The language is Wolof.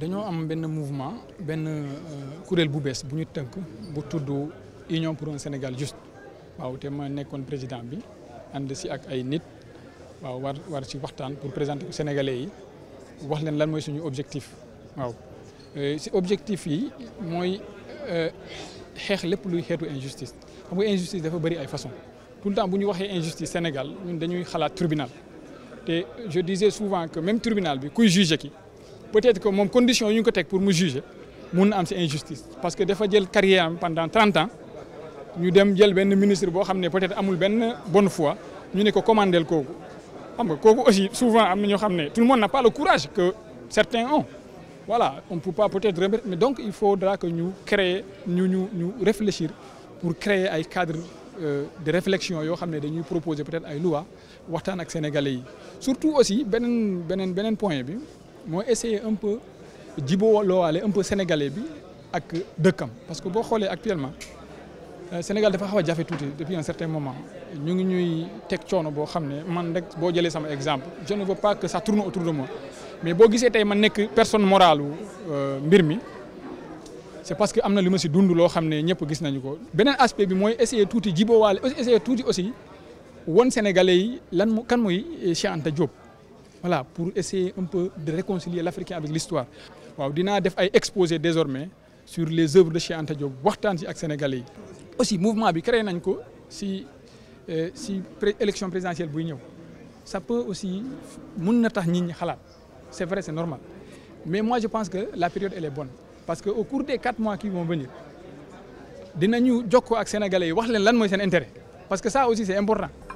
dañoo am benn mouvement benn euh, kuréel bu bees bu ñu tënk bu tudd Union pour un Sénégal juste waaw te ma nekkoon président bi ànd si ak ay nit waaw war war si waxtaan pour présenter ko yi wax leen lan mooy suñu objectif waaw euh, si objectif yi mooy euh, xeex lépp luy xeetu injustice xam nga injustice dafa bëri ay façon tout le temps bu ñu waxee injustice Sénégal ñun dañuy xalaat tribunal te je disais souvent que même tribunal bi kuy juger ki peut-être que moom condition yu ñu ko teg pour mu juger mun na am si injustice parce que dafa jël carrière am pendant trente ans ñu dem jël benn ministre boo xam ne peut-être amul benn bonne fois ñu ne ko commandel kooku xam nga kooku aussi souvent am na ñoo xam ne tout le monde n'a pas le courage que certains ont voilà on ne peut pas peut-être remettre donc il faudra que ñu créer ñu ñu ñu réfléchir pour créer ay cadres Euh, de réflexion yoo xam ne dañuy proposer peut-être ay loi waxtaan ak sénégalais yi surtout aussi beneen beneen beneen point bi moo essayer un peu jibo loowaale un peu sénégalais bi ak dëkkam parce que boo xoolee actuellement euh, Sénégal dafa xaw a jafe tuuti depuis un certain moment ñu ngi ñuy teg coono boo xam ne man rek boo jëlee sama exemple je ne veux pas que ça tourne autour de moi mais boo gisee tey man nekk personne morale euh, mbir mi. c'est parce que am na lu ma si dund loo xam ne ñëpp gis nañu ko beneen aspect bi mooy essayer tuuti jiboowaale essayer tuuti aussi won Sénégalais yi lan mu kan mooy Cheikh Anta Diop voilà pour essayer un peu de réconcilier l'Africain avec l'histoire waaw dinaa def ay exposé désormais sur les œuvres de Cheikh Anta Diop waxtaan si ak Sénégalais yi aussi mouvement bi créé nañ ko si euh, si élection présidentielle buy ñëw ça peut aussi mun na tax nit ñi xalaat c'est vrai c'est normal mais moi pense que la période elle est parce que au cours des quatre mois qui vont venir dinañu jokkoo ak sénégalais yi wax leen lan mooy seen intérêt parce que ça aussi c'est important